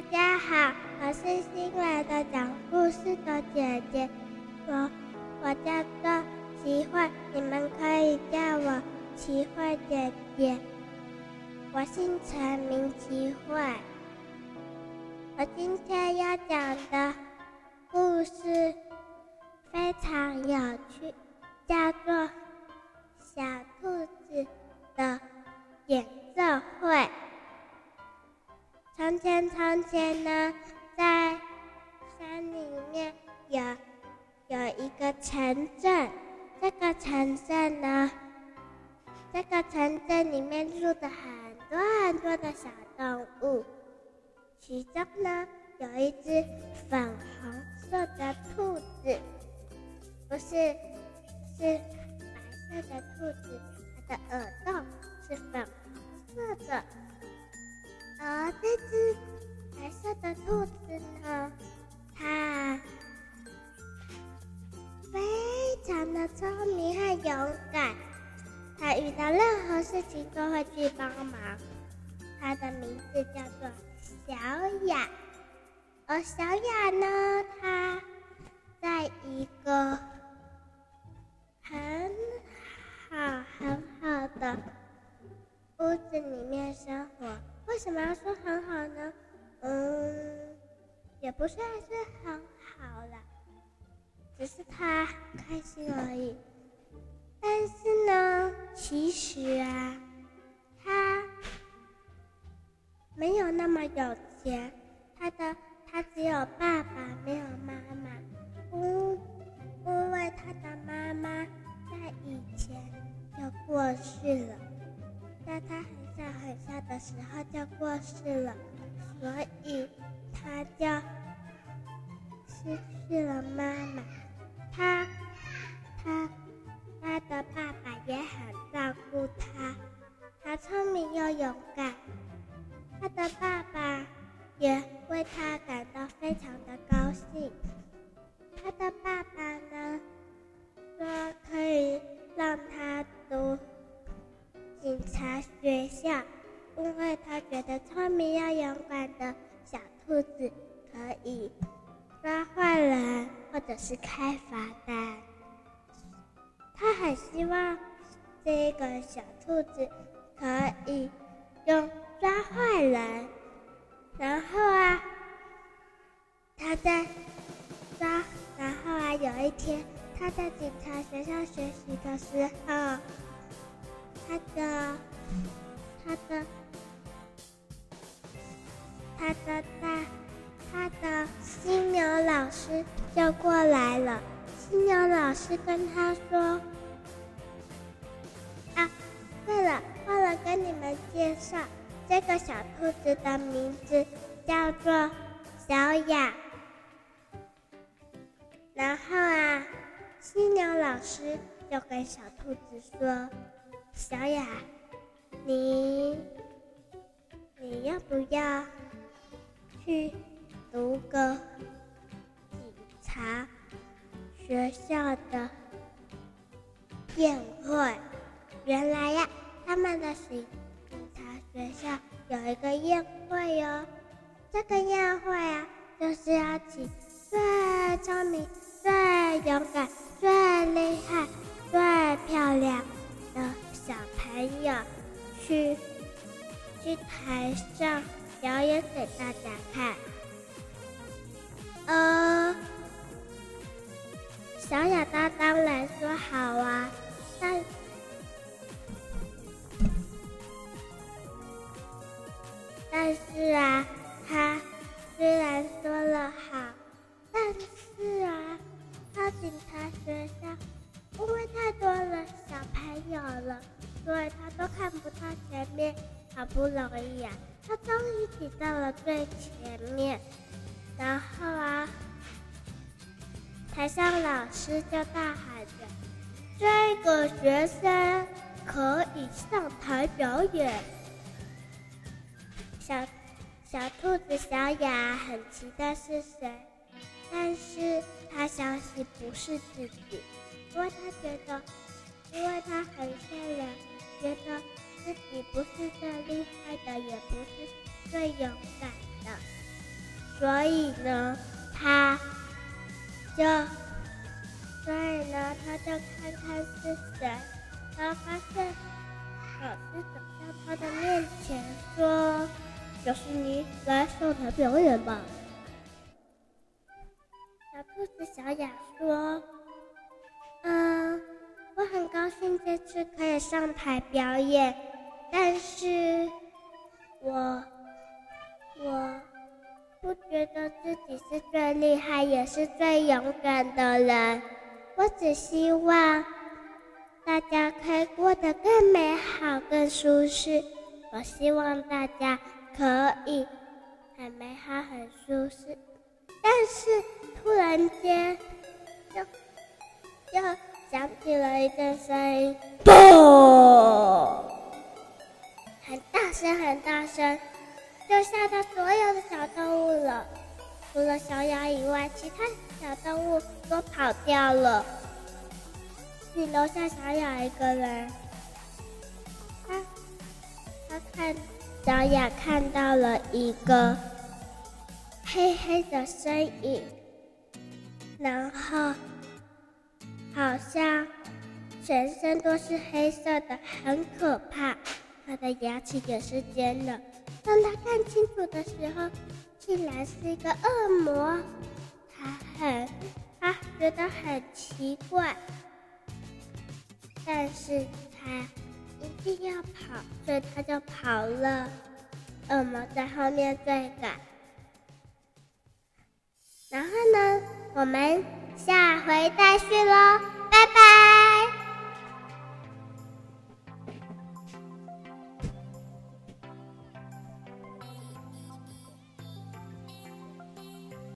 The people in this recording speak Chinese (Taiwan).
大家好，我是新來的講故事的姐姐，我我叫做奇慧，你們可以叫我奇慧姐姐。我姓陳，名奇慧。我今天要講的故事非常有趣，叫做小。城鎮呢，這個城鎮裡面住着很多很多的小動物，其中呢有一隻粉紅色的兔子，不是，是白色的兔子，它的耳朵是粉紅色的，而這隻白色的兔子呢，它。勇敢，他遇到任何事情都會去幫忙。他的名字叫做小雅，而小雅呢，他在一個很好很好的屋子裡面生活。為什麼要說很好呢？嗯，也不算是很好了，只是他開心而已。但是呢，其實啊，他沒有那麼有錢，他的他只有爸爸沒有媽媽，因、嗯、因為他的媽媽在以前就過世了，在他很小很小的時候就過世了，所以他就失去了媽媽，他他。他聰明又勇敢，他的爸爸也為他感到非常的高興。他的爸爸呢，說可以讓他讀警察學校，因為他覺得聰明又勇敢的小兔子可以抓壞人或者是開罰單。他很希望這個小兔子。可以用抓壞人，然後啊，他在抓，然後啊，有一天他在警察學校學習的時候，他的他的他的他他的犀牛老師就過來了。犀牛老師跟他說：“啊，對了。”忘了跟你們介紹，這個小兔子的名字叫做小雅。然後啊，犀牛老師就跟小兔子說：“小雅，你你要不要去讀個警察學校的宴會？”原來呀、啊。他們的習警察學校有一個宴會喲，這個宴會啊，就是要請最聰明、最勇敢、最厲害、最漂亮的小朋友去去台上表演給大家看。呃，小雅當當然說好啊，但。是啊，他雖然說了好，但是啊，他警察學校，因為太多了小朋友了，所以他都看不到前面，好不容易呀、啊，他終於擠到了最前面，然後啊，台上老師就大喊着：“這個學生可以上台表演。”小兔子小雅很期待是誰，但是她相信不是自己，因為她覺得，因為她很善良，覺得自己不是最厲害的，也不是最勇敢的，所以呢，她就，所以呢，她就看看是誰。她發現老師走到她的面前說。就是你來上台表演吧！小兔子小雅說：“嗯，我很高興這次可以上台表演，但是我我不覺得自己是最厲害，也是最勇敢的人。我只希望大家可以過得更美好、更舒適。我希望大家。”可以很美好、還沒很舒適，但是突然間，就又響起了一陣聲音，嘣！很大聲、很大聲，就嚇到所有的小動物了。除了小雅以外，其他小動物都跑掉了。只留下小雅一個人，她她看。小雅看到了一個黑黑的身影，然後好像全身都是黑色的，很可怕。他的牙齒也是尖的。當她看清楚的時候，竟然是一個惡魔。她很，她覺得很奇怪，但是她。一定要跑，所以他就跑了。惡魔在後面追趕。然後呢，我們下回再續嘍，拜拜。